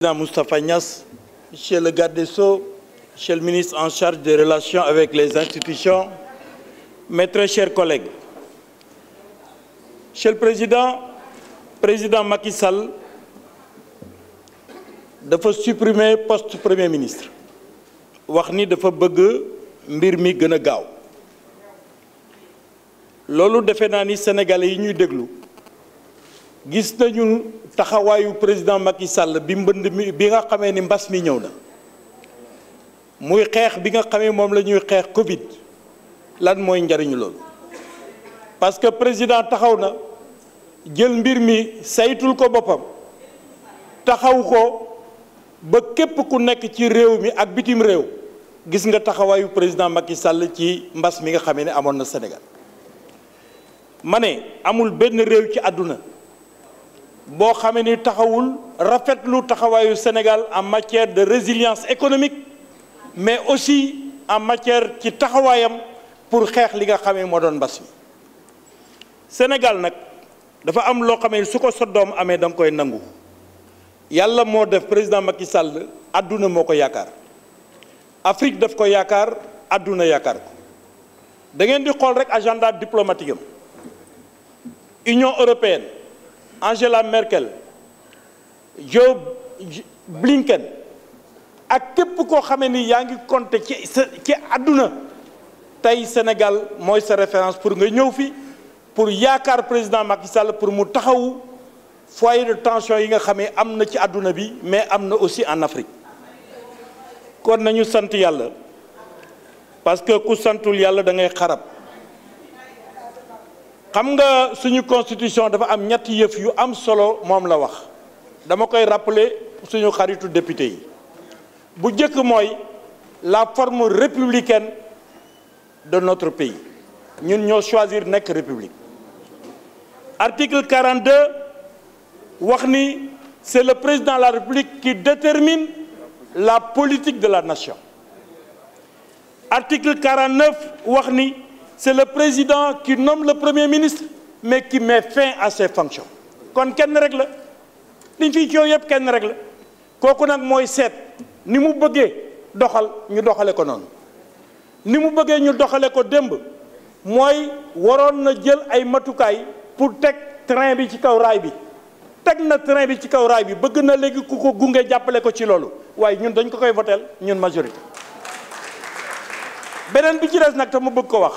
Président Moustapha Nias, Monsieur le garde des Sceaux, Monsieur le ministre en charge des relations avec les institutions, mes très chers collègues, Monsieur le Président, Président Macky Sall de dafa supprimer poste Premier ministre wax ni dafa bëgg mbir mi gën de gaaw ni Sénégalais yi ñuy déglu gis nañu taxawaayu président Macky Sall bi mbënd mi bi nga xamee ni mbas mi ñëw na muy xeex bi nga xamee moom la ñuy xeex Covid lan mooy njariñu loolu parce que président taxaw na jël mbir mi saytul ko boppam taxaw ko ba képp ku nekk ci réew mi ak bitim réew gis nga taxawaayu président Macky Sall ci mbas mi nga xamee ne amoon na Sénégal ma ne amul benn réew ci àdduna bo xamé ni taxawul rafetlu taxawayu Sénégal en matière de résilience économique mais aussi en matière ci taxawayam pour xeex li nga xamé mo doon mbas Sénégal nak dafa am lo xamé suko ko sa doom amee koy nangou yalla mo def président Macky Sall aduna moko yakar Afrique daf ko yakar aduna yakar ko da ngeen di xol rek agenda diplomatique Union européenne. Angela Merkel Joe Blinken ak képp koo xamee ni yaa ngi compter ci sa ci àdduna tey Sénégal mooy sa référence pour nga ñëw fi pour yaakaar président Macky Sall pour mu taxawu foyer de tension yi nga xamee am na ci àdduna bi mais am na aussi en Afrique kon nañu sant yàlla parce que ku santul yàlla dangay xarab xam nga suñu constitution dafa am ñetti yëf yu am solo moom la wax dama koy rappeler suñu xaritu député yi bu la forme républicaine de notre pays ñun ñoo choisir nekk république article 42 c'est le président de la république qui détermine la politique de la nation article 49 wax ni c'est le président qui nomme le premier ministre mais qui met fin à ses fonctions kon quelle rek la liñ fiy coow yëpp kenn rek la kooku nag ni mu bëggee doxal ñu doxale ko noonu ni mu bëggee ñu doxale ko démb mooy waroon na jël ay pour tek train bi ci kaw raay bi teg na train bi ci kaw raay bi bëgg na léegi ku gungé gunge jàppale ko ci loolu waaye ñun dañ ko koy ñun majorité beneen bi ci des nag te mu bëgg ko wax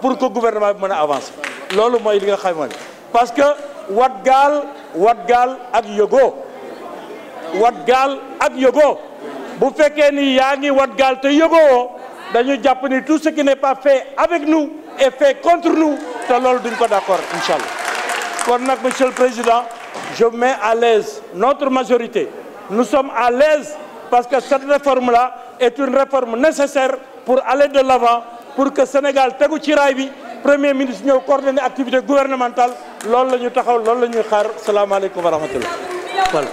pour que le gouvernement avance. avancer je parce que Wadgal, Wadgal et yogo, Wadgal et yogo. si ak bu ni yaa ngi te tout ce qui n'est pas fait avec nous est fait contre nous te que duñ ko d'accord Inch'Allah. monsieur le président je mets à l'aise notre majorité nous sommes à l'aise parce que cette réforme là est une réforme nécessaire pour aller de l'avant pour que Sénégal tegu ci raay bi premier ministre ñëw coordonner activité gouvernementale lool la ñu taxaw loolu la ñuy xaar salaamaaleykum wa rahmatullah